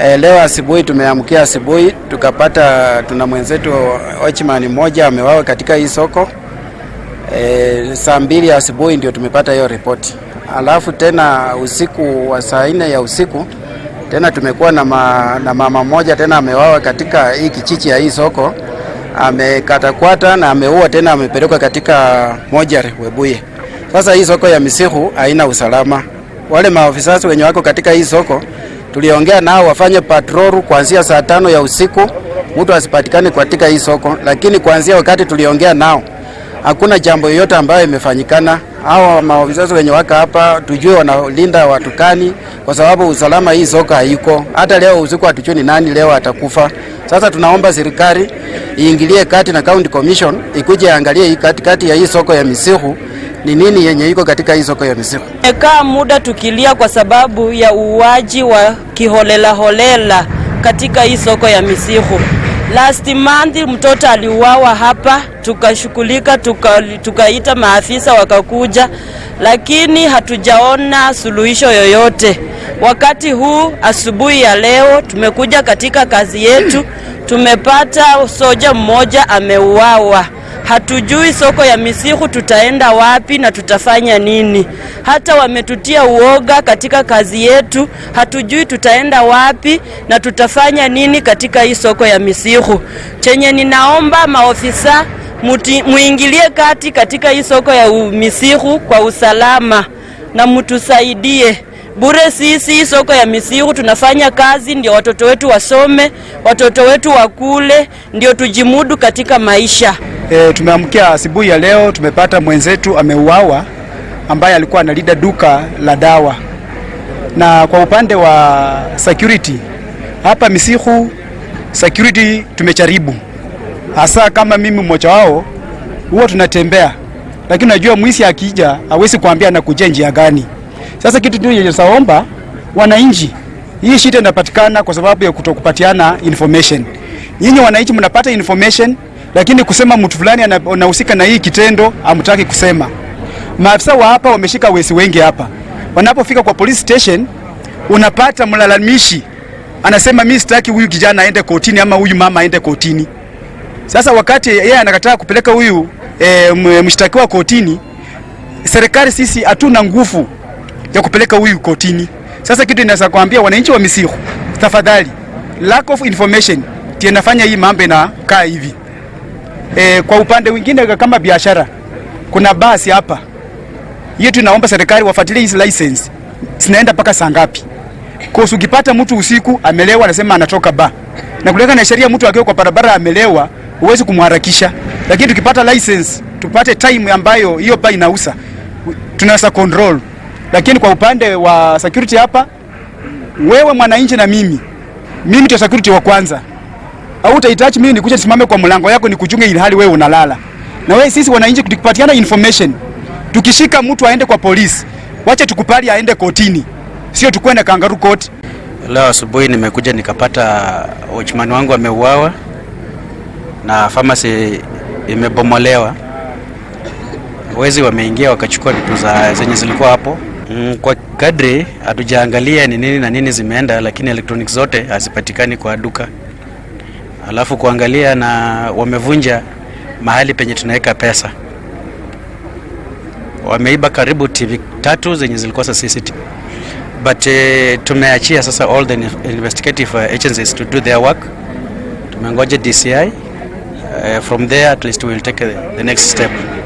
E, leo asubuhi tumeamkia asubuhi tukapata tuna mwenzetu ochman mmoja amewawa katika hii soko e, saa mbili asubuhi ndio tumepata hiyo ripoti, alafu tena usiku wa saa nne ya usiku tena tumekuwa na, ma, na mama mmoja tena amewawa katika hii kichichi ya hii soko, amekatakwata na ameua tena, amepelekwa katika moja Webuye. Sasa hii soko ya Misihu haina usalama, wale maofisa wenye wako katika hii soko tuliongea nao wafanye patrol kuanzia saa tano ya usiku, mtu asipatikane katika hii soko, lakini kuanzia wakati tuliongea nao hakuna jambo yoyote ambayo imefanyikana. Hao maofisa wenye waka hapa tujue wanalinda watukani, kwa sababu usalama hii soko haiko. Hata leo usiku hatujui ni nani leo atakufa. Sasa tunaomba serikali iingilie kati na county commission ikuje angalie kati kati ya hii soko ya Misihu ni nini yenye iko katika hizo soko ya muda tukilia kwa sababu ya uuaji wa kiholelaholela katika hii soko ya misihu Last month mtoto aliuawa hapa, tukashughulika, tukaita maafisa wakakuja, lakini hatujaona suluhisho yoyote. Wakati huu asubuhi ya leo tumekuja katika kazi yetu, tumepata soja mmoja ameuawa. Hatujui soko ya misihu tutaenda wapi na tutafanya nini. Hata wametutia uoga katika kazi yetu, hatujui tutaenda wapi na tutafanya nini katika hii soko ya misihu. Chenye ninaomba maofisa muti, muingilie kati katika hii soko ya misihu kwa usalama na mtusaidie bure. Sisi soko ya Misikhu tunafanya kazi ndio watoto wetu wasome, watoto wetu wakule, ndio tujimudu katika maisha. E, tumeamkia asubuhi ya leo tumepata mwenzetu ameuawa ambaye alikuwa analida duka la dawa. Na kwa upande wa security hapa Misikhu, security tumecharibu, hasa, kama mimi mmoja wao, huwa tunatembea, lakini najua mwisi akija hawezi kuambia anakujia njia gani. Sasa kitu tu ndio saomba wananchi, hii shida inapatikana kwa sababu ya kutokupatiana information. Nyinyi wananchi mnapata information lakini kusema mtu fulani anahusika na hii kitendo amtaki kusema. Maafisa wa hapa wameshika wesi wengi hapa, wanapofika kwa police station unapata mlalamishi anasema mimi sitaki huyu kijana aende kotini ama huyu mama aende kotini. Sasa wakati yeye anakataa kupeleka huyu e, mshtakiwa kotini, serikali sisi hatuna nguvu ya kupeleka huyu kotini. Sasa kitu inaweza kuambia wananchi wa Misiru, tafadhali, lack of information ndio inafanya hii mambo inakaa hivi. E, kwa upande mwingine kama biashara kuna basi hapa yetu, tunaomba serikali wafuatilie hizi license zinaenda mpaka saa ngapi, kwa sababu ukipata mtu usiku amelewa anasema anatoka ba na kuleka na sheria, mtu akiwa kwa barabara amelewa huwezi kumharakisha, lakini tukipata license tupate time ambayo hiyo ba inausa tunaweza control. Lakini kwa upande wa security hapa, wewe mwananchi na mimi mimi ndio security wa kwanza au utahitaji mimi nikuje nisimame kwa mlango yako nikuchunge ilhali wewe unalala. Na wewe sisi wananchi tukipatiana information, tukishika mtu aende kwa polisi, wache tukupali aende kotini, sio tukwende kangaru court. Leo asubuhi nimekuja nikapata watchman wangu ameuawa na pharmacy imebomolewa, wezi wameingia wakachukua vitu za zenye zilikuwa hapo. Mm, kwa kadri hatujaangalia ni nini na nini zimeenda, lakini electronics zote hazipatikani kwa duka alafu kuangalia na wamevunja mahali penye tunaweka pesa. Wameiba karibu TV tatu zenye zilikuwa za CCTV but uh, tumeachia sasa all the investigative eh, agencies to do their work. Tumengoja DCI uh, eh, from there at least we will take the next step.